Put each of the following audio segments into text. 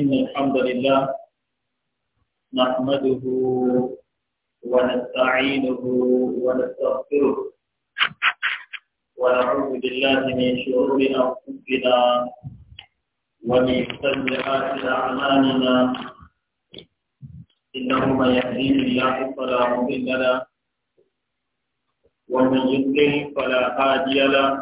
إن الحمد لله نحمده ونستعينه ونستغفره ونعوذ بالله من شرور أنفسنا ومن سيئات أعمالنا إنه من يهديه الله فلا مضل له ومن يضلل فلا هادي له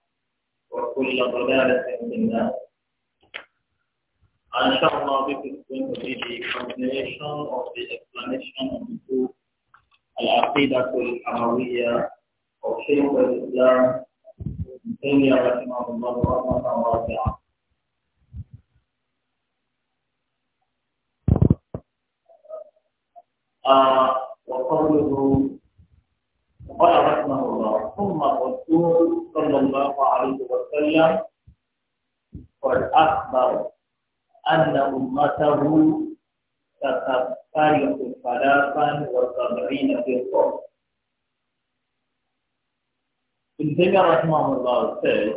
وكل ضلالة في النار إن شاء الله this is going to be the continuation of the explanation of the book العقيدة الحموية of شيخ الإسلام تيمية رحمه الله رحمه الله وقوله قال رحمه الله ثم الرسول صلى الله عليه وسلم قد أخبر أن أمته ستفترق ثلاثا وسبعين فرقة ابن تيمية رحمه الله says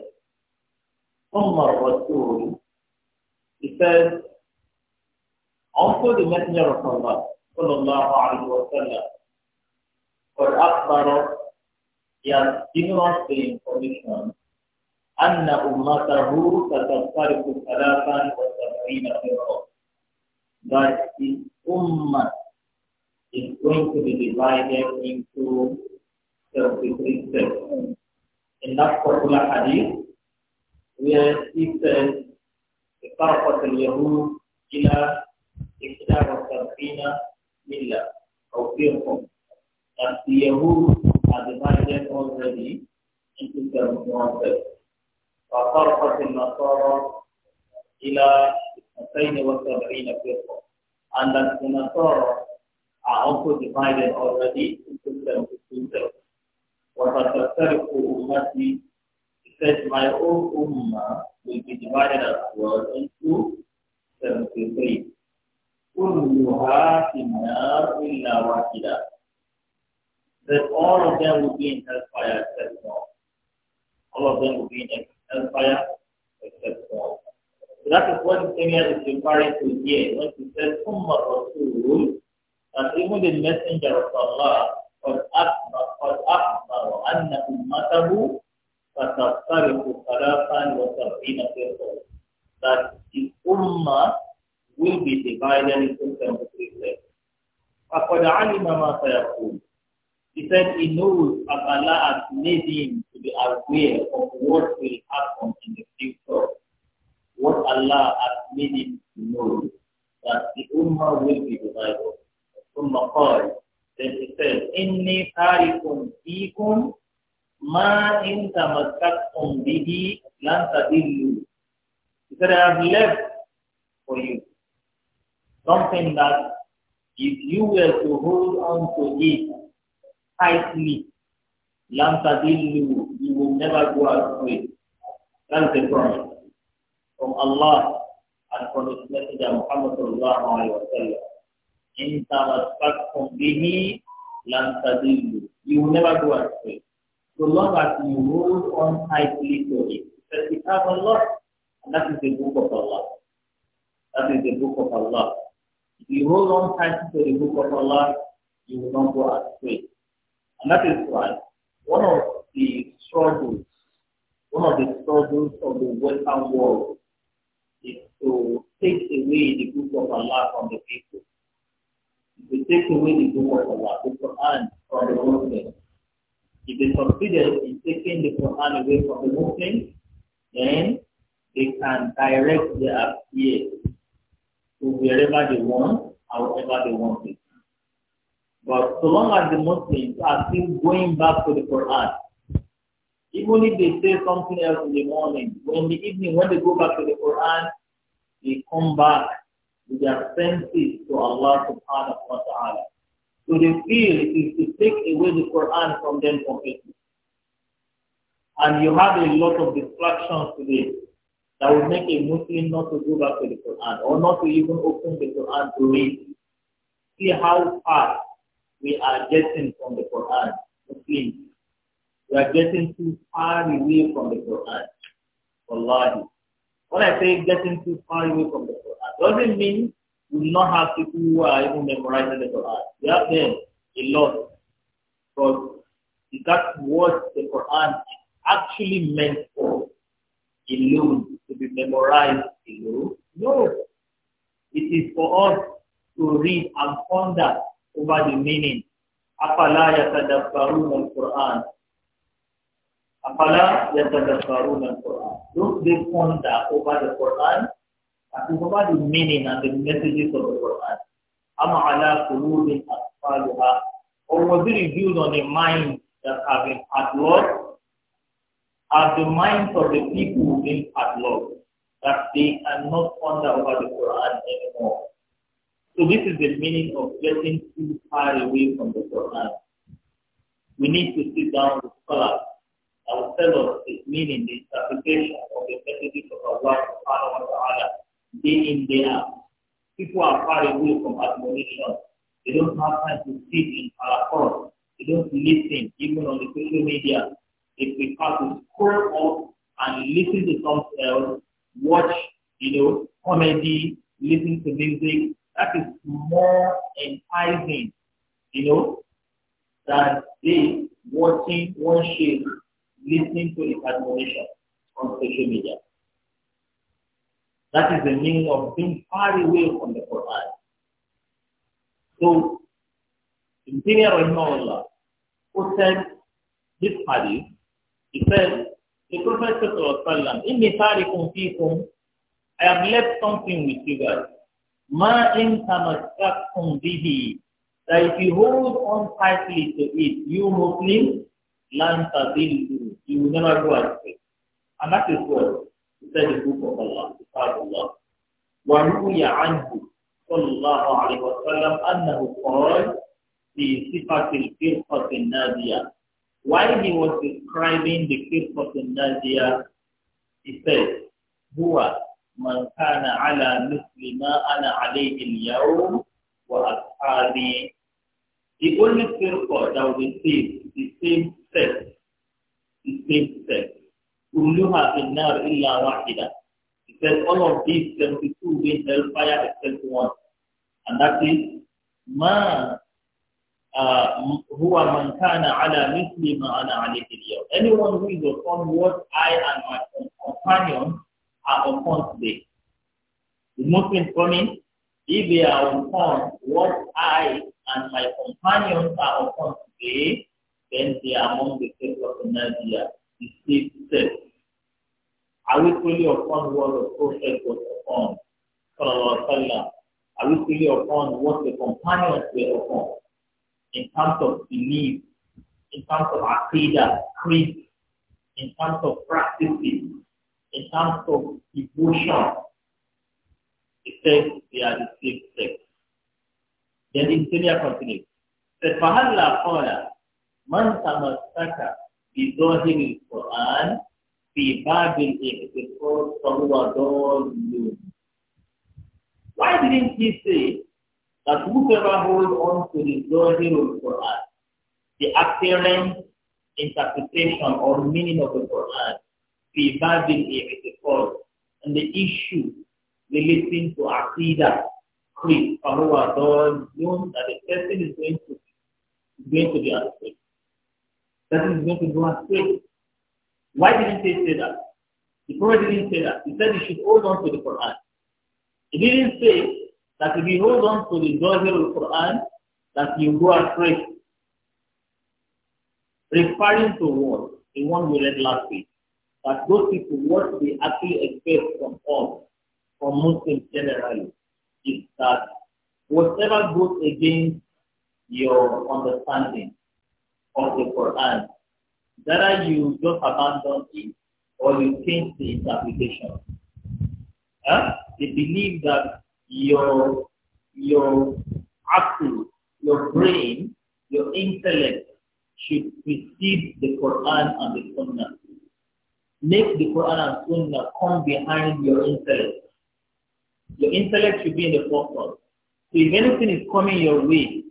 ثم الرسول he says also the messenger of Allah صلى الله عليه وسلم قد أخبر yang has given us anna ummatahu أن salatan wa sabarina وسبعين that his ummah is going to be divided into 73 steps In that particular hadith, where he says, the اقترفت اليهود إلى إحدى sabarina ملة أو فرقة. That the Yahud are divided already into seven branches. فصرفت النصارى إلى 72 فرقة. And that the Nasara are also divided already into 72 sects. وَتَتَفَرِقُ أُمَّتِي He says, my own ummah will be divided as well into 73. كلها في النار إلا واحدة that all of them will be in hellfire except one. All of them will be in hellfire except one. So that is what Kenya is referring to here when he says, Ummah Rasul, that even the messenger of Allah, قد أخبر أن أمته ستفترق ثلاثا وسبعين فرقة that his ummah will be divided into 73 sects. فقد علم ما سيقول he said he knows that Allah has made him to be aware of what will happen in the future. What Allah has made him to know that the Ummah will be divided. Ummah called. Then he said, "Inni تَارِكٌ فِيكُمْ ma in تَمَسَّكْتُمْ bihi لَن تَضِلُّوا He said, I have left for you something that if you were to hold on to it tightly. Lantadillu, you will never go astray. That's the promise from Allah and from His Messenger Muhammad sallallahu alayhi wa sallam. In tamassakum bihi, lantadillu. You will never go astray. So long as you hold on tightly to it. Because we have Allah, and that is the book of Allah. That is the book of Allah. If you hold on tightly to the book of Allah, you will not go astray. And that is why one of the struggles, one of the struggles of the Western world is to take away the book of Allah from the people. If they take away the book of Allah, the Quran from the Muslims, if they succeeded in taking the Quran away from the Muslims, then they can direct their fear to wherever they want, however they want it. But so long as the Muslims are still going back to the Quran, even if they say something else in the morning, when the evening, when they go back to the Quran, they come back with their senses to Allah subhanahu wa ta'ala. So they feel it is to take away the Quran from them completely. And you have a lot of distractions today that will make a Muslim not to go back to the Quran or not to even open the Quran to read. See how far we are getting from the Quran, Muslims. We are getting too far away from the Quran. Wallahi. When I say getting too far away from the Quran, doesn't mean we do not have people who are even memorizing the Quran. We have them a lot. But that's what the Quran actually meant for. Alone, to be memorized alone. No. It is for us to read and ponder over the meaning. Afala yatadabbarun al-Quran. Afala yatadabbarun al-Quran. Look they ponder over the Quran and over the meaning and the messages of the Quran? Ama ala kulubin asfaluha. Or was it revealed on the mind that have been at loss? Are the minds of the people been at loss that they are not ponder over the Quran anymore? So this is the meaning of getting too far away from the Quran. We need to sit down with scholars and tell us its meaning, the interpretation of the messages of Allah subhanahu wa ta'ala day in, day out. People are far away from admonition. They don't have time to sit in Arafat. They don't listen, even on the social media. If we have to scroll up and listen to something else, watch, you know, comedy, listen to music, that is more enticing, you know, than they watching one shape listening to the admonition on social media. That is the meaning of being far away from the Quran. So, Interior Rahimahullah, who said this hadith, he said, the Prophet said to Sallam, I have left something with you guys. Ma إن تمسكتم به that if you hold on tightly to it, you Muslims, لن تضلوا you will never go astray. And that is what he said in the book of Allah, Kitab Allah. وروي عنه صلى الله عليه وسلم أنه قال في صفة الفرقة النادية While he was describing the firqat النادية, he said, هو من كان على مثل ما أنا عليه اليوم وأصحابي The only circle that will be saved is the same sex. The same sex. كلها في النار إلا واحدة. He said all of these 72 will hellfire except one. And that is ما huwa man kana ala مثل ما أنا عليه اليوم. Anyone who is upon what I and my companions are upon today. The Muslims coming, if they are upon what I and my companions are upon today, then they are among the people of Nigeria. It says, are we fully upon what the Prophet was upon? Are we fully upon what the companions were upon? In terms of belief, in terms of aqidah, creed, in terms of practices, in terms of devotion, it says they are the same sex. Then the Senior continues. فهلا قال من تمسك بظاهر القرآن في the الاعتقاد فهو ضال Why didn't he say that whoever holds on to the Zohir al-Quran, the appearance, interpretation or meaning of the Quran, في باب and the issue relating to aqidah creed فهو known that the person is going to is going to be astray person is going to go astray why didn't they say that the prophet didn't say that he said you should hold on to the Quran he didn't say that if you hold on to the of the quran that you go astray referring to what the one we read last week but those people, what they actually expect from us, from Muslims generally, is that whatever goes against your understanding of the Quran, whether you just abandon it or you change the interpretation. Huh? They believe that your your axis, your brain, your intellect should precede the Quran and the Sunnah make the Quran and Sunnah come behind your intellect. Your intellect should be in the forefront. So if anything is coming your way,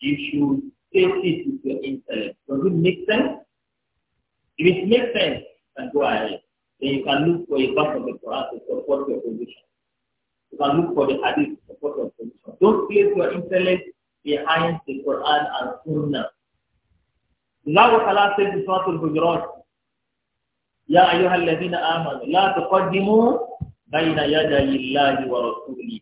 you should face it with your intellect. Does it make sense? If it makes sense, then go ahead. Then you can look for a part of the Quran to support your position. You can look for the hadith to support your position. Don't place your intellect behind the Quran and Sunnah. Allah says in Surah Al-Hujurat, يا أيها الذين آمنوا لا تقدموا بين يدي الله ورسوله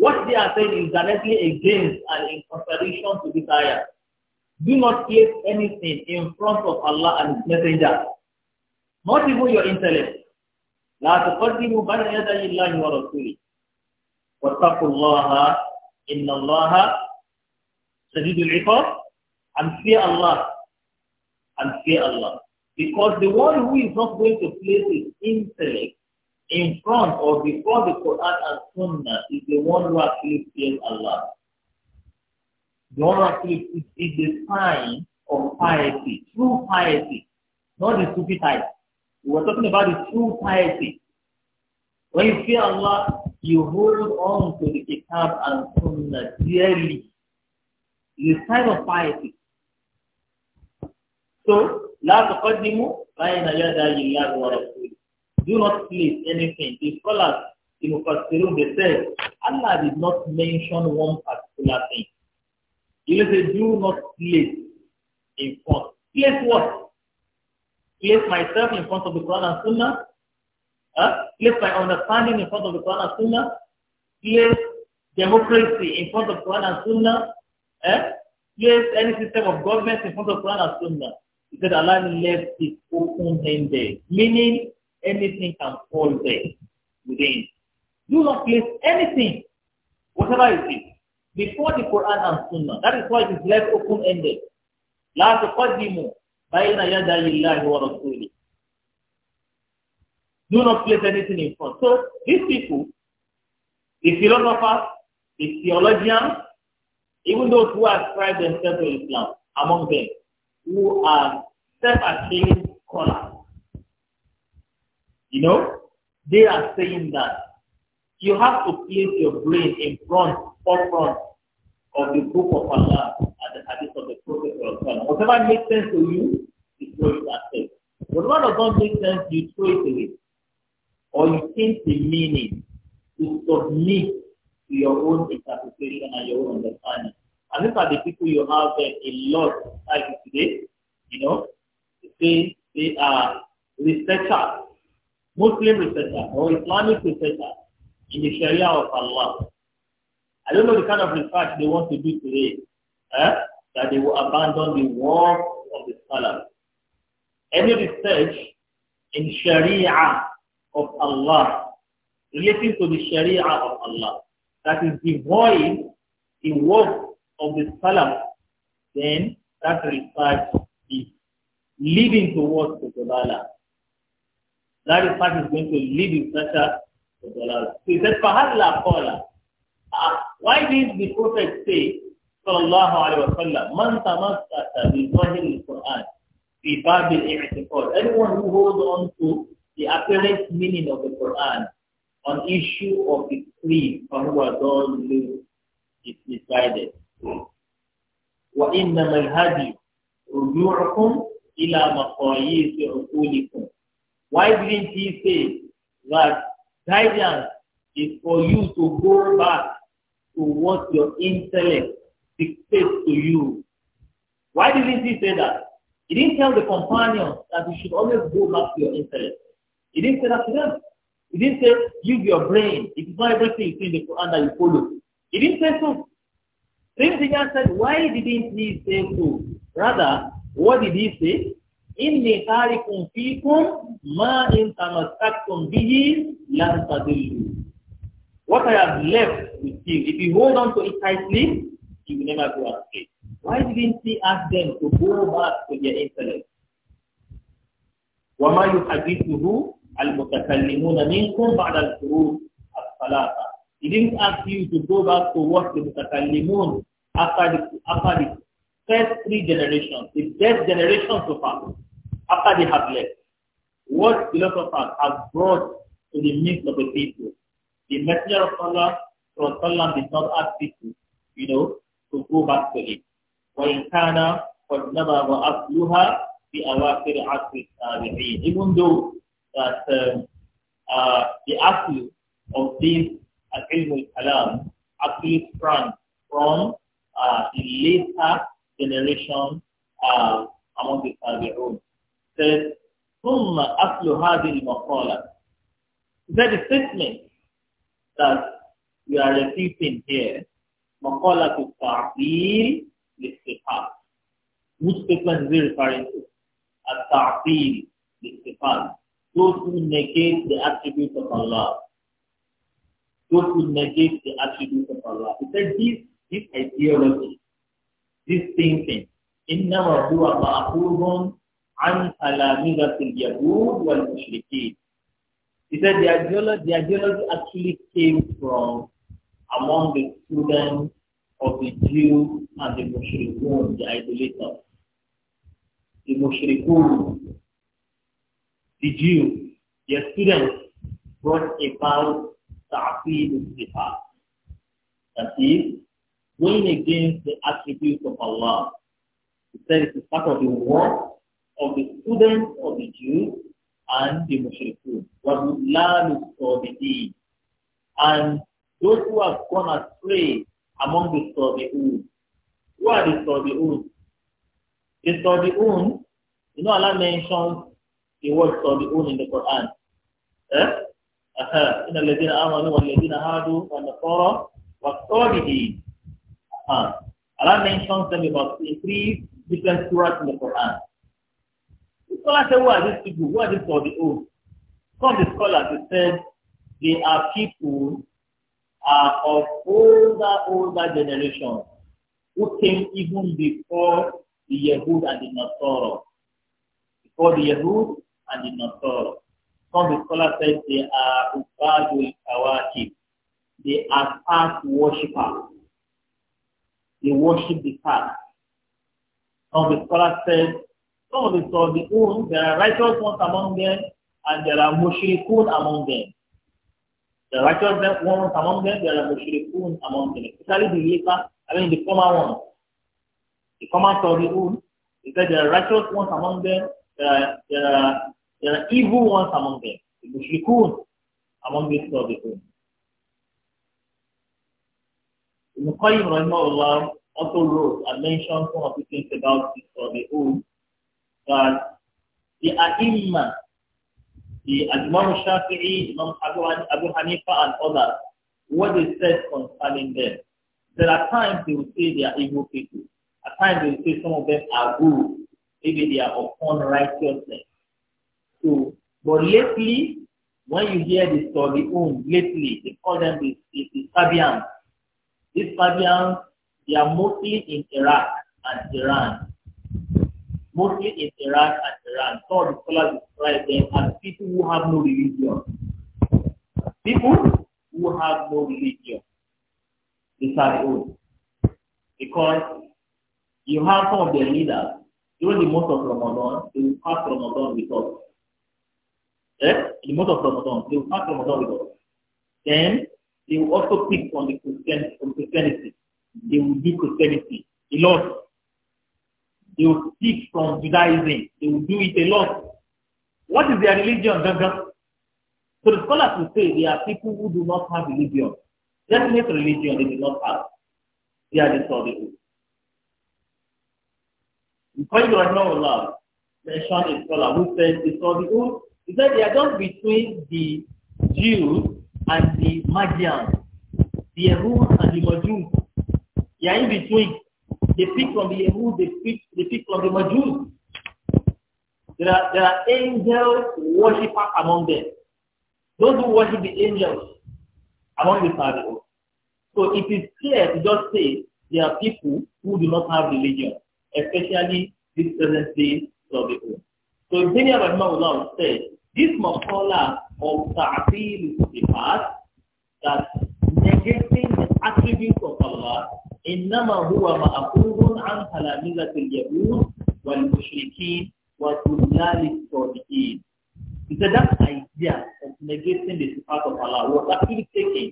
What they are saying is directly against and in contradiction to this ayah. Do not place anything in front of Allah and His Messenger. Not even your intellect. لا تقدموا بين يدي الله ورسوله. واتقوا الله إن الله شديد العقاب and fear Allah and fear Allah. Because the one who is not going to place his intellect in front or before the Quran and Sunnah is the one who actually fears Allah. The one who actually is, is the sign of piety, true piety, not the stupid type. We were talking about the true piety. When you fear Allah, you hold on to the Kitab and Sunnah dearly. It is a sign of piety. So, لا تقدموا بين يدي الله ورسوله. Do not please anything. The scholars in Mufassirun, they said, Allah did not mention one particular thing. He said, do not place in front. Place what? Place myself in front of the Quran and Sunnah. Huh? Place my understanding in front of the Quran and Sunnah. Place democracy in front of Quran and Sunnah. Eh? Place any system of government in front of Quran and Sunnah. He said Allah left it open-ended, meaning anything can fall there within. Do not place anything, whatever it is, before the Quran and Sunnah. That is why it is left open-ended. لا تقدموا بين يدي الله ورسوله. Do not place anything in front. So these people, the philosophers, the theologians, even those who ascribe themselves to Islam, among them, who are self-acclaimed scholars. You know, they are saying that you have to place your brain in front, forefront of the book of Allah at the hadith of the Prophet. Whatever makes sense to you, you throw it aside. Whatever does not make sense, you throw it away. Or you change the meaning to submit to your own interpretation and your own understanding. And these are the people you have uh, a lot like today. You know, they they are researchers, Muslim researchers or Islamic researchers in the Sharia of Allah. I don't know the kind of research they want to do today. Eh? That they will abandon the work of the scholars. Any research in Sharia of Allah, relating to the Sharia of Allah, that is devoid in work of the salam, then that research is leading towards the Dalala. That research is going to lead in such the Dalala. So he said, فَهَذْلَا قَوْلَ ah, Why did the Prophet say, صلى الله عليه وسلم, مَنْ quran بِظَهِرِ الْقُرْآنِ في باب الاعتقاد anyone who holds on to the apparent meaning of the Quran on issue of the creed from who are those who is misguided. وإنما الهدي رجوعكم إلى مقاييس عقولكم Why didn't he say that guidance is for you to go back to what your intellect dictates to you? Why didn't he say that? He didn't tell the companions that you should always go back to your intellect. He didn't say that to them. He didn't say, use your brain. It's not everything you see in the Quran that you follow. He didn't say so. Rimzija said, why didn't he say so? Rather, what did he say? إِنِّي تَارِكٌ fikum, ma in تَمَسَّكْتُمْ بِهِ لَنْ تَضِلُّوا What I have left with you, if you hold on to it tightly, you will never go astray. Why didn't he ask them to go back to their intellect? وما يحدثه المتكلمون منكم بعد الحروف الثلاثة. He didn't ask you to go back to what the mutakallimun after the, after the first three generations, the best generation so far, after they have left, what philosophers have brought to the midst of the people. The messenger of Allah from Allah did not ask people, you know, to go back to him. وَإِنْ كَانَ قَدْ نَبَى وَأَصْلُهَا بِأَوَاخِرِ عَصْرِ التَّابِعِينَ Even though that um, uh, the actual of this al-ilm al-kalam actually sprang from uh, the later generation uh, among the Tabi'un. Says, ثم أصل هذه المقالة. That the statement that we are repeating here, مقالة التعطيل للصفات. Which statement is referring to? التعطيل للصفات. Those who negate the attributes of Allah. Those who negate the attributes of Allah. He said this this ideology, this thinking, إنما هو مأخوذ عن تلامذة اليهود والمشركين. He said the ideology, the ideology actually came from among the students of the Jews and the Mushrikun, the idolaters. The Mushrikun, the Jews, their students brought about Ta'fid al-Sifat. That is, going against the attributes of Allah. He said it is part of the work of the students of the Jews and the Mushrikun. And those who have gone astray among the Sabi'un. Who are the Sabi'un? The Sabi'un, you know Allah mentions the word Sabi'un in the Quran. Eh? Uh-huh. إن hadu آمنوا والذين هادوا والنصارى والصابئين Quran. Allah mentions them about in three different surahs in the Quran. The scholars said, who are these people? Who are these for the old? Some of the scholars said they are people uh, of older, older generations who came even before the Yehud and the Nasara. Before the Yehud and the Nasara. Some of the scholars said they are Ubadul Kawakib. They are past worshippers. they worship the calf. Some of the scholars said, some of the Sadiqun, there are righteous ones among them, and there are mushrikun among them. The righteous ones among them, there are mushrikun among them, especially the later, I mean the former ones. The former Sadiqun, he said there are righteous ones among them, there are, there are, there are evil ones among them, the mushrikun among these Sadiqun. In Ibn Qayyim rahimahullah also wrote and mentioned some of the things about this for the old that the ai the Imam Shafi'i, Imam Abu, Hanifa and others, what they said concerning them. There are times they will say they are evil people. At times they will say some of them are good. Maybe they are of unrighteousness. So, but lately, when you hear the story, lately, they call them the, the, the Sabians These Fabians, they are mostly in Iraq and Iran. Mostly in Iraq and Iran. So, of the scholars describe them as people who have no religion. People who have no religion. These are the old. Because you have some of their leaders, during the month of Ramadan, they will pass Ramadan with us. Eh? In the month of Ramadan, they will pass Ramadan with us. Then they will also pick on the Christian, from Christianity. They will do Christianity a lot. They will pick from Judaism. They will do it a lot. What is their religion, Ganga? So the scholars will say they are people who do not have religion. Definite religion they do not have. They are disorderly. Because Rahmanullah mentioned a scholar who said disorderly, he said they are just between the Jews and the Magians, the Yehud and the Majus. They are in between. They pick from the Yehud, they pick, they pick from the Majus. There are, there are angel worshippers among them. Those who worship the angels among the Pharaoh. So it is clear to just say there are people who do not have religion, especially this present day Soviet So Ibn Rahmanullah said, this maqala of is ta'fil sifat that negating the attributes of Allah إنما هو مأخوذ عن تلاميذة اليهود والمشركين وطلاب الصالحين. So that idea of negating the part of Allah was actually taken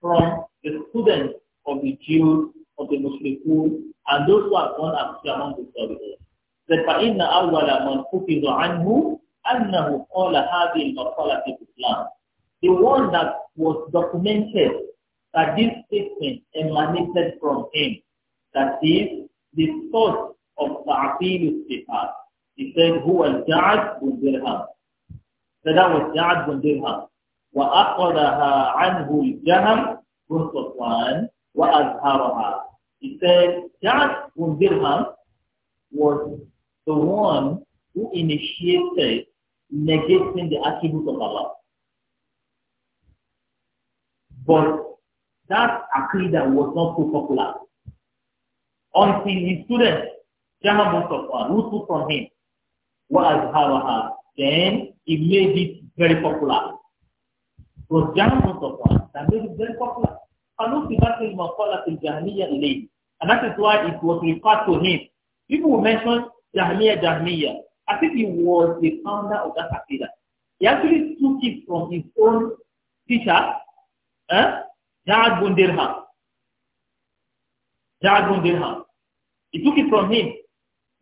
from the students of the Jews, of the Muslims, and those who are born after among the Salihin. That فإن أول من حفظ عنه أنه قال هذه المقالة في الإسلام. the one that was documented that this statement emanated from him. That is the source of Ta'fil al-Sifat. He said, who was Ja'ad bin Dirham. So that was Ja'ad bin Dirham. وأخذها عنه الجهم بن صفوان وأظهرها. He said, Ja'ad bin Dirham was the one who initiated negating the attributes of Allah. But that Aqidah was not so popular until his student, Jahan Mustafa, who took from him, was وَأَزْهَرَهَا Then he made it very popular. It was Jahan Mustafa that made it very popular. فَنُوْتِ بَكْرِ مَقَالَةِ الْجَهْمِيَّ إِلَيْهِ And that is why it was referred to him. People will mention Jahmiya Jahmiya. I think he was the founder of that Aqidah. He actually took it from his own teacher, Ja'ad bin Dirham. Ja'ad bin Dirham. He took it from him.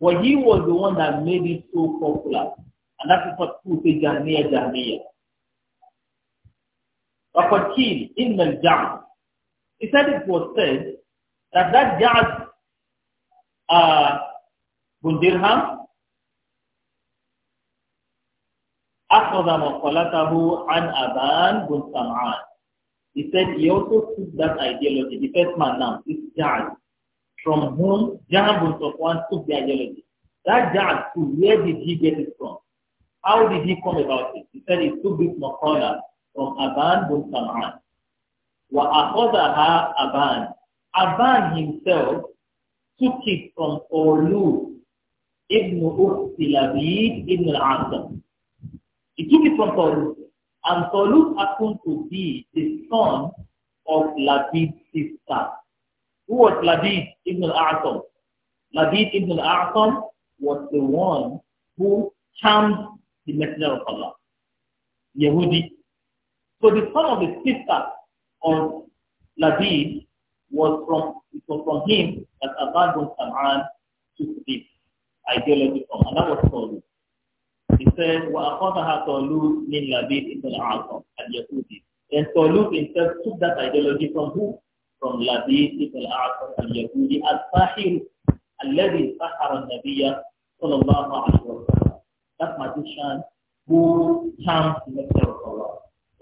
But he was the one that made it so popular. And that is what people say, Jahmiya, Jahmiya. وقد in the Jam, He said it was said that that Ja'ad uh, bin Dirham أخذ مقالته عن أبان بن سمعان He said he also took that ideology, the first man now, is Ja'ad, from whom was of one took the ideology. That Ja'ad, where did he get it from? How did he come about it? He said he took this Makana from Aban bin Sam'an. Aban. Aban himself took it from Olu ibn Ukhti Labid ibn al-Asam. He took it from Olu. And Tolut happened to be the son of Labid's sister. Who was Labid ibn al-A'sam? Labid ibn al-A'sam was the one who charmed the Messenger of Allah, Yehudi. So the son of the sister of Labid was from it was from him that Abbad bin Sam'an took this ideology from, and that was Tolut. said, وَأَخَذَهَا طَالُوتٌ مِنْ لَبِيدِ بْنِ الْعَاصِمِ al-Yahudi. Then Talut himself took that ideology from who? From Labi ibn al-Aqam al-Yahudi al-Sahir, الذي سحر النبي صلى الله عليه وسلم. That magician who charmed the Messenger of Allah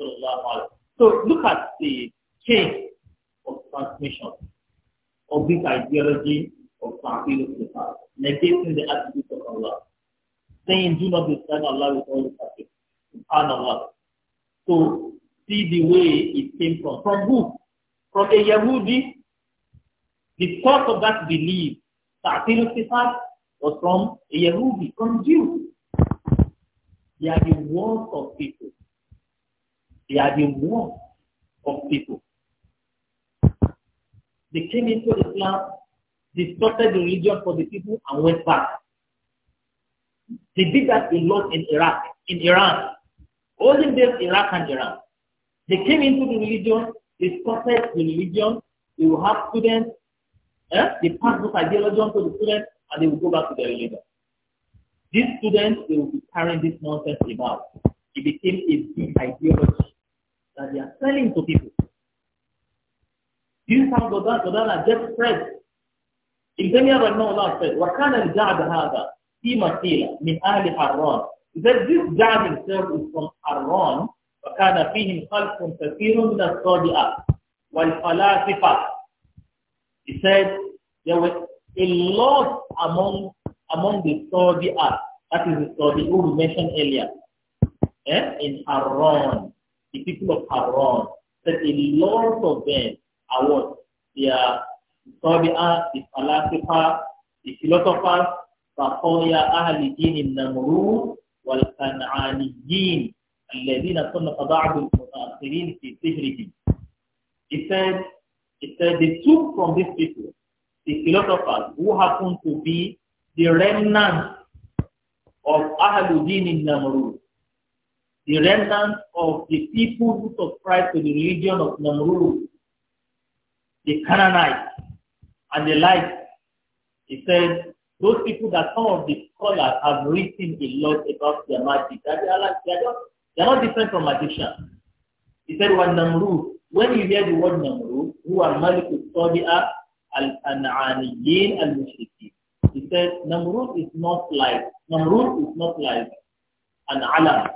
صلى الله عليه وسلم. So look at the chain of transmission of this ideology of Ta'wil of the past, negating the attributes of Allah saying, do not disturb Allah with all the your Subhanallah. So see the way it came from. From who? From a Yahudi. The source of that belief, Ta'atil Sifat, was from a Yahudi, from Jews. They are the worst of people. They are the worst of people. They came into Islam, distorted the religion for the people, and went back. They did that a lot in Iraq, in Iran. All in days, Iraq and Iran. They came into the religion, they started the religion, they will have students, eh? they pass this ideology on to the students, and they will go back to their religion. These students, they will be carrying this nonsense about. It became a big ideology that they are selling to people. This how are just spread. What kind of وَكَانَ الْجَعْدَ that? Timatila min من أهل He says this guy himself is from Haran, فكان فيهم خلق كثير من الصادئة والفلاسفة. He said there were a lot among among the Sadi'ah, that is the Sadi'ah we mentioned earlier, eh? in Haran, the people of Haran, that a lot of them are what? They are Sadi'ah, the Falasifa, the philosophers, بقايا He said, he said they took from these people the philosophers who happened to be the remnants of Din in Namrud, the remnants of the people who subscribe to the religion of Namrud, the Canaanites, and the like. He said those people that some of the scholars have written a lot about their magic, they are, like, they are, not, they are not different from magicians. He said, when Namru, when you hear the word Namru, who are Maliku Sadi'a al-An'aniyin al-Mushriki. He said, Namrud is not like, Namrud is not like an alam,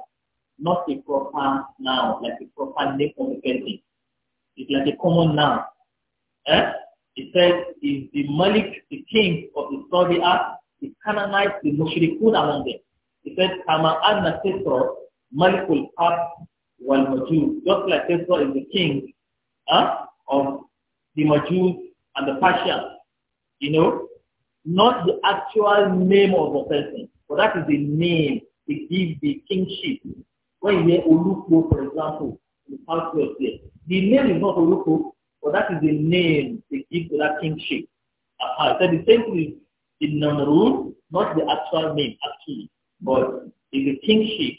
not a proper noun, like a proper name of a person. It's like a common noun. Eh? He says, is the Malik, the king of the Saudi Arab, the Canaanites, the Mushrikun among them. He said, Kama anna Sisra, Malikul Ab wal Majud. Just like Sisra is the king uh, of the Majus and the Persians. You know, not the actual name of a person, but that is the name they give the kingship. When you hear Uluku, for example, in the southwest there, the name is not Uluku, but that is the name they give to that kingship. Aha. So the same thing in Namrud, not the actual name, actually, but in the kingship,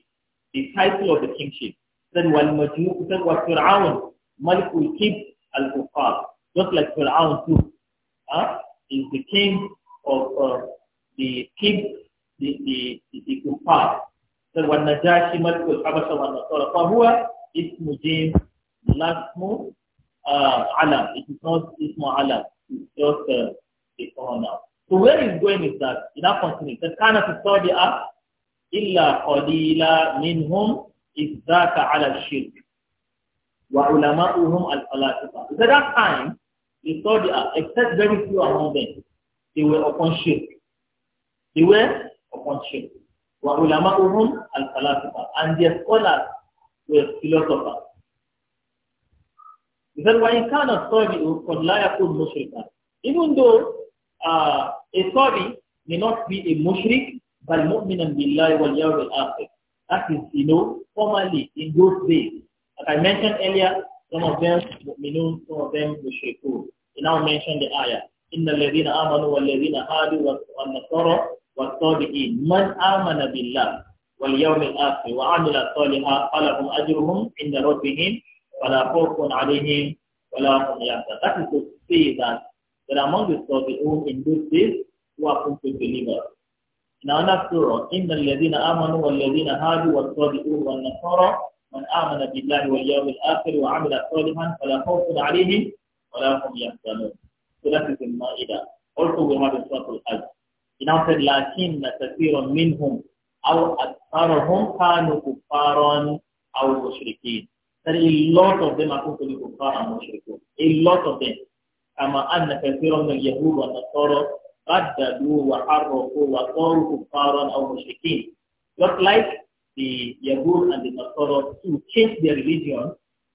the title of the kingship. Then while Majmu, then what Fir'aun, Malik will keep al just like Fir'aun too. Huh? Is the king of uh, the king, the, the, the, the Kuffar. Then when Najashi, Malik al-Habasha, wa so فهو اسم جيم لا اسم uh, alam. It is not ismu alam. It's just uh, a pronoun. So where is going is that in our continent, The kind of study up illa qalila minhum is that ala shirk wa ulama'uhum al-falasifa. At that time, they saw the earth, except very few among them. They were upon shirk. They were upon shirk. Wa ulama'uhum al-falasifa. And their scholars were philosophers. Then when kind of Saudi on Layakun Mushrika, even though uh, a may not be a Mushrik, but Mu'minan بالله واليوم الآخر، That is, you know, formally in those days. As I mentioned earlier, some of them Mu'minun, some of them Mushrikun. He now mentioned the ayah. إن الذين آمنوا والذين هادوا والنصارى والصابئين من آمن بالله واليوم الآخر وعمل صالحا فلهم أجرهم عند ربهم ولا خوف عليهم ولا هم يحزنون. That is to say that that among the Sabi'un in those days who are going to deliver. In another surah, إن الذين آمنوا والذين هادوا والصابئون والنصارى من آمن بالله واليوم الآخر وعمل صالحا فلا خوف عليهم ولا هم يحزنون. So that is in Ma'idah. Also we have in Surah Al-Hajj. He now said, لكن كثير منهم أو أكثرهم كانوا كفارا أو مشركين. that a lot of them are going to be kuffar and mushrikun. A lot of them. أما أن كثيرا من اليهود والنصارى قددوا وحرفوا وصاروا كفارا أو مشركين. Just like the Yahud and the Nasara to changed their religion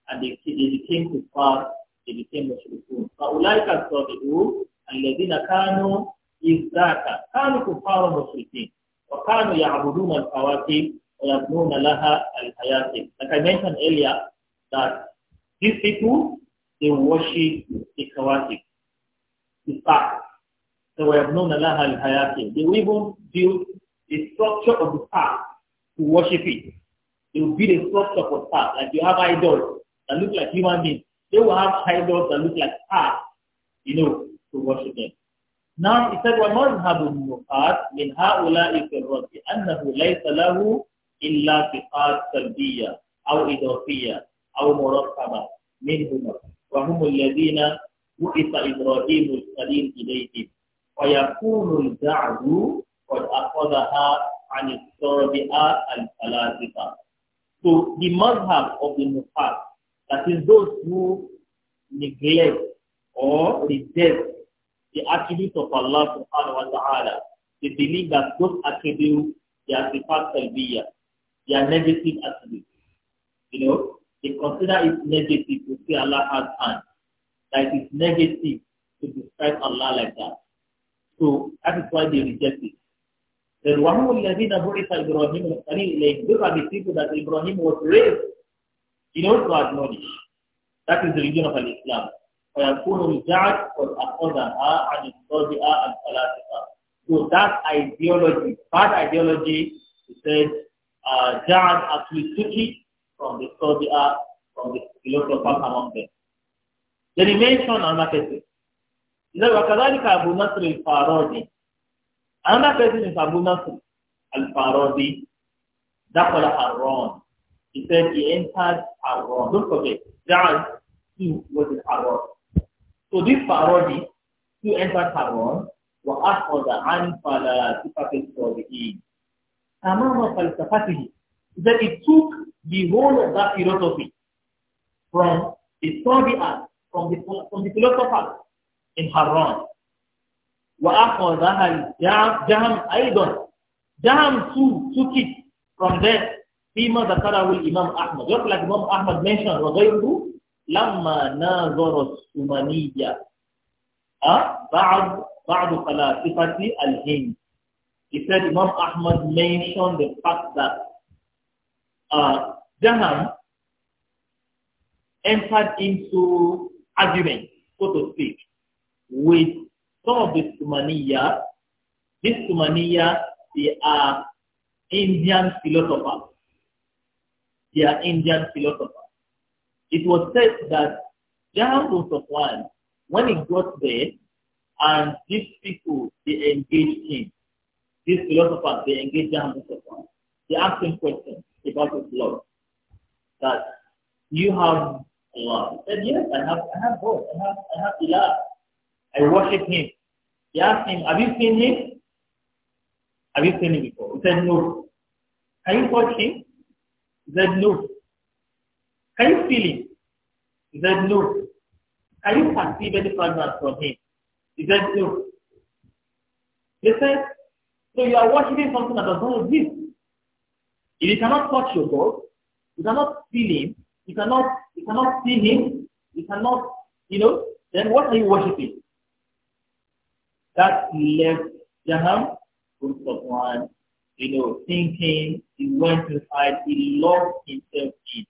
and they, they became kuffar, they became mushrikun. فأولئك الصادقون الذين كانوا إذاك كانوا كفارا مشركين وكانوا يعبدون الكواكب ويبنون لها الحياة. Like I mentioned earlier, that these people, they worship the Kawati, the star. So we have known Allah al-Hayati. They will even build the structure of the path to worship it. They will build a structure for path Like you have idols that look like human beings. They will have idols that look like path you know, to worship them. Now he said, وَمَذْهَبُ النُّقَاتِ مِنْ هَؤُلَاءِ فِي الرَّدِّ أَنَّهُ لَيْسَ لَهُ إِلَّا صِفَاتٌ سَلْبِيَّةٌ أَوْ إِضَافِيَّةٌ أو مرقبة منهما وهم الذين بعث إبراهيم السليم إليهم ويكون الجعد قد أخذها عن الصربعة الفلاسفة. So the madhab of the Mufas, that is those who neglect or reject the attributes of Allah subhanahu wa ta'ala, they believe that those attributes, they are sifat salbiya, they are negative attributes. You know, They consider it negative to say Allah has hands. That it is negative to describe Allah like that. So that is why they reject it. Then وَهُوَ الَّذِينَ بُعِثَ إِبْرَاهِيمُ الْخَلِيلِ those are the people that Ibrahim was raised in order to acknowledge That is the religion of Islam. So that ideology, bad ideology, he said, uh, actually took it from the Saudiyah, from the philosophers among them. The remains on another person. He said, وَكَذَلِكَ أَبُو نَصْرِ الْفَارَوْدِي Another person is Abu Nasr al دخل حران. He said he entered Haran. Don't forget, John too was in Haran. So this Faradi who entered Haran وأخذ عن فلسفة الصابئين. أمام فلسفته. That it took the whole of that philosophy from the art, from the, from the philosophers in Haran. وأخذها جهم أيضا جهم too took it from there فيما ذكره الإمام أحمد just like Imam Ahmad mentioned وغيره لما ناظر السمنية بعض بعد فلاسفة الهند he said Imam Ahmad mentioned the fact that uh, entered into argument, so to speak, with some of the Sumaniya. These Sumaniya, they are Indian philosophers. They are Indian philosophers. It was said that was bin one when he got there, and these people, they engaged him. These philosophers, they engaged Jaham bin one. They asked him questions about his love, That you have Allah. He said, yes, I have, I have both. I have, I have Ilah. I worship him. He asked him, have you seen him? Have you seen him before? He said, no. Can you touch him? He said, no. Can you feel him? He said, no. Can you perceive any fragrance from him? He said, no. They said, so you are worshiping something that does not exist. If you cannot touch your God, you cannot feel Him, you cannot, you cannot see Him, you cannot, you know, then what are you worshipping? That left Jaham of someone, you know, thinking, he went inside, he lost himself in.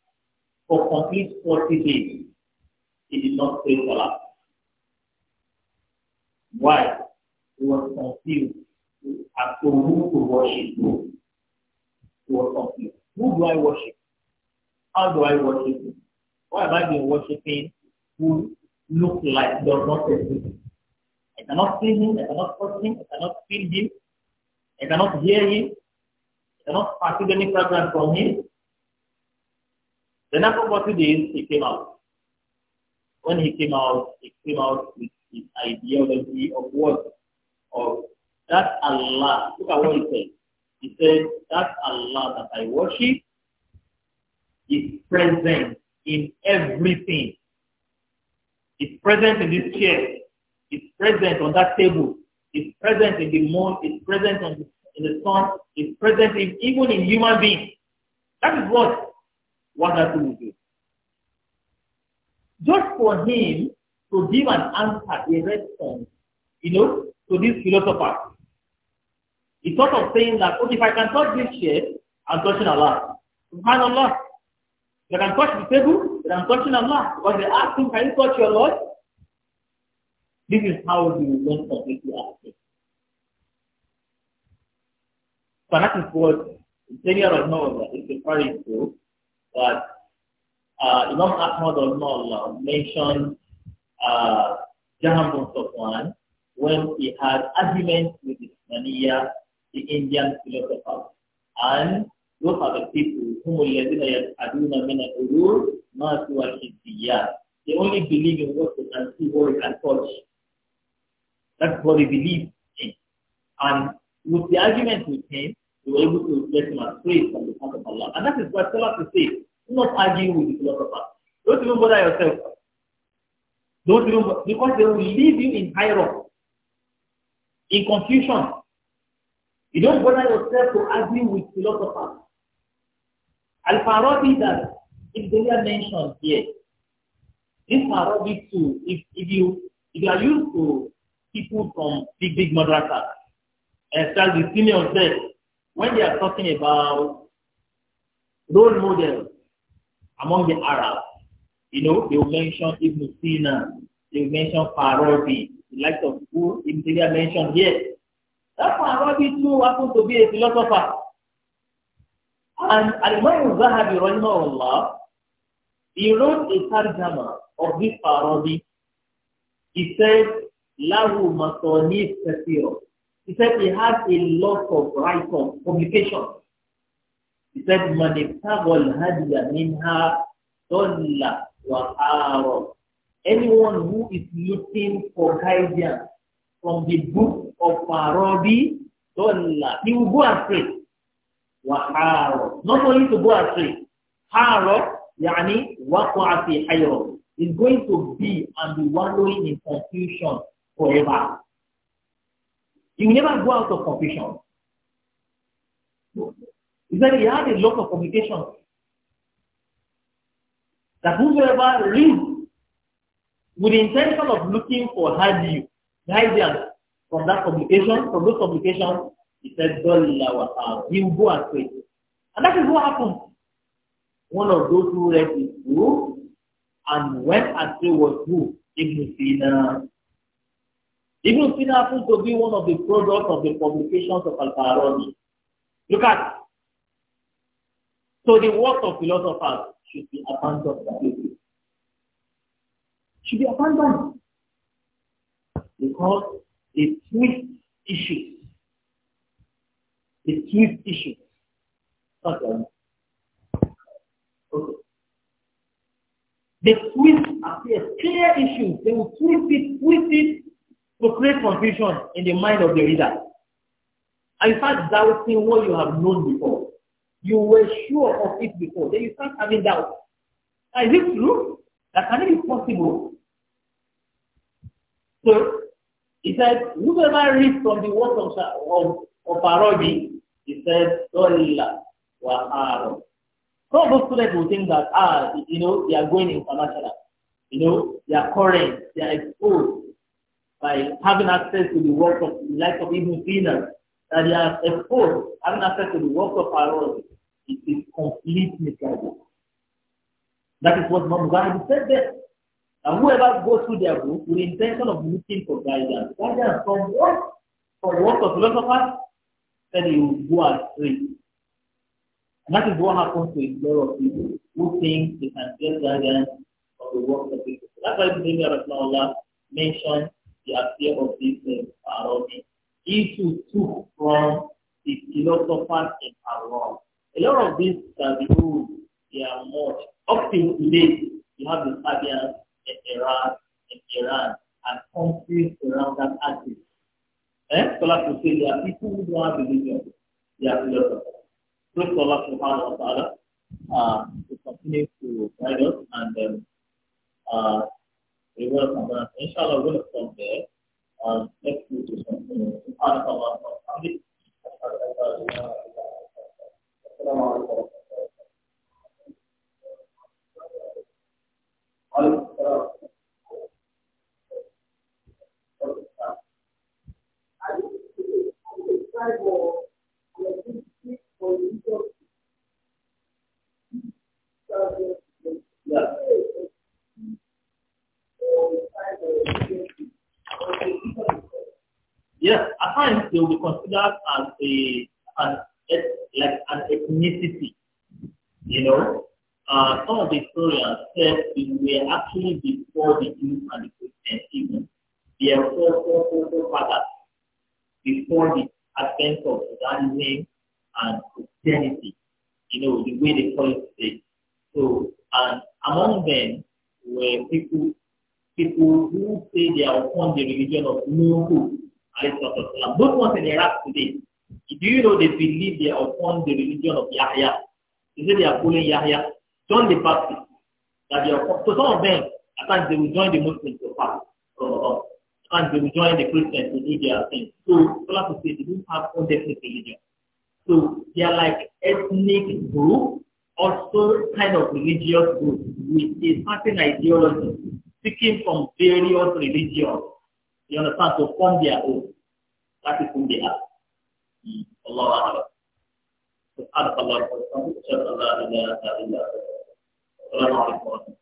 For complete 40 days, he did not for us. Why? He was confused as to who to worship. or something. Who do I worship? How do I worship him? Why have I been worshiping who look like does not exist? I cannot see him, I cannot touch him, I cannot feel him, I cannot hear him, I cannot perceive any fragrance from him. Then after 40 days, he came out. When he came out, he came out with his ideology of what? Of that Allah. Look at what he said. He said, that Allah that I worship is present in everything. It's present in this chair. It's present on that table. It's present in the moon. It's present on the, in the sun. It's present in, even in human beings. That is what wonderful will do. Just for him to give an answer, a response, you know, to this philosopher, he thought of saying that, okay, if I can touch this chair, I'm touching Allah. Subhanallah. If I can touch the table, then I'm touching Allah. Because they ask him, can you touch your Lord? This is how the learn completely aspect. So that is what Senior Rahmanullah is referring to, But uh, Imam Ahmad Rahmanullah mentioned uh, Jaham bin Safwan when he had arguments with his Mania the Indian philosophers. And those are the people whom الذين يجحدون من not ما the الحزبيات. They only believe in what they can see, what they can touch. That's what they believe in. And with the argument with him, will were able to get him as praise from the heart of Allah. And that is what scholars say. Do not argue with the philosophers. Don't even bother yourself. Don't even because they will leave you in hierarchy, in confusion, You don't bother yourself to argue with philosophers. Al-Farabi that if they are mentioned here, this Farabi too, if, if you if you are used to people from big big madrasas, especially the seniors there, when they are talking about role models among the Arabs, you know, they will mention Ibn Sina, they will mention Farabi, the likes of who Ibn Sina mentioned here. That's why Rabi too happened to be a philosopher. And Al-Imam Zahabi, rahimahullah, he wrote a tarjama of this parody. He said, Lahu Masonis Kathiro. He said he has a lot of rights of publication. He said, Maniptagol Hadiya Minha Dolla Wa'aro. Anyone who is looking for guidance from the book of Marabi Dola. He will go astray. Waharo. Not only to go astray. Haro, yani, wakwa'afi hayro. Is going to be and be wallowing in confusion forever. He will never go out of confusion. He said he had a lot of communication. That whoever reads with the intention of looking for Hadi, guidance from that publication, from those publications, he said, Dollar He will go and pray. And that is what happened. One of those who read his book and went astray was who? Ibn Sina. Ibn Sina happened to be one of the products of the publications of Al-Farabi. Look at. So the work of philosophers should be abandoned completely. Should be abandoned because they twist issues. They twist issues. Okay. okay. The twist appears clear issues. They will twist it, twist it to create confusion in the mind of the reader. And you start doubting what you have known before. You were sure of it before. Then you start having doubts. Is it true? That can it be possible? So He said, whoever reads from the words of, of, of Arabi, he said, Dolla wa Arab. Some of those students will think that, ah, you know, they are going international. You know, they are current, they are exposed by having access to the work of the life of Ibn Sina, that they are exposed, having access to the work of Arabi. It is complete misguidance. That is what Imam Ghazali said there. And whoever goes through their book with the intention of looking for guidance, guidance from what? From the work of philosophers, then he would go astray. And that is what happens to a lot of people who think they can get guidance of the works of people. That's why Ibn Taymiyyah mentioned the appeal of this uh, parody. He too took from the philosophers in Iran. A lot of these uh, the rules, they are much. Up till today, you have the Sabians in Iraq, in Iran, and countries around that axis. Eh? Scholars to say there are people who don't have religion, they are philosophers. So Allah subhanahu wa ta'ala uh, to continue to guide us and um, uh, reward us and uh, Inshallah, we're stop there. Um, uh, next week is something. SubhanAllah wa bihamdih. Assalamu alaikum. Yes, at times they will be considered as a an like an ethnicity, you know, uh, some of the historians said we were actually before the Jews and the Christians even. are four, four, four, four fathers before the advent of Judaism and Christianity, you know, the way they call it today. So, and among them were people people who say they are upon the religion of Nuhu, Aristotle. Those ones in Iraq today, do you know they believe they are upon the religion of Yahya? Is it they are calling Yahya? join the party that they are so some of them at times they will join the Muslims to fast or, and they will join the Christians to do their thing. So scholars will say they don't have own ethnic religion. So they are like ethnic group, also kind of religious group with a certain ideology, speaking from various religions. You understand to form their own. That is whom they are. الله أعلم سبحانك اللهم وبحمدك أشهد أن لا إله إلا أنت 呃。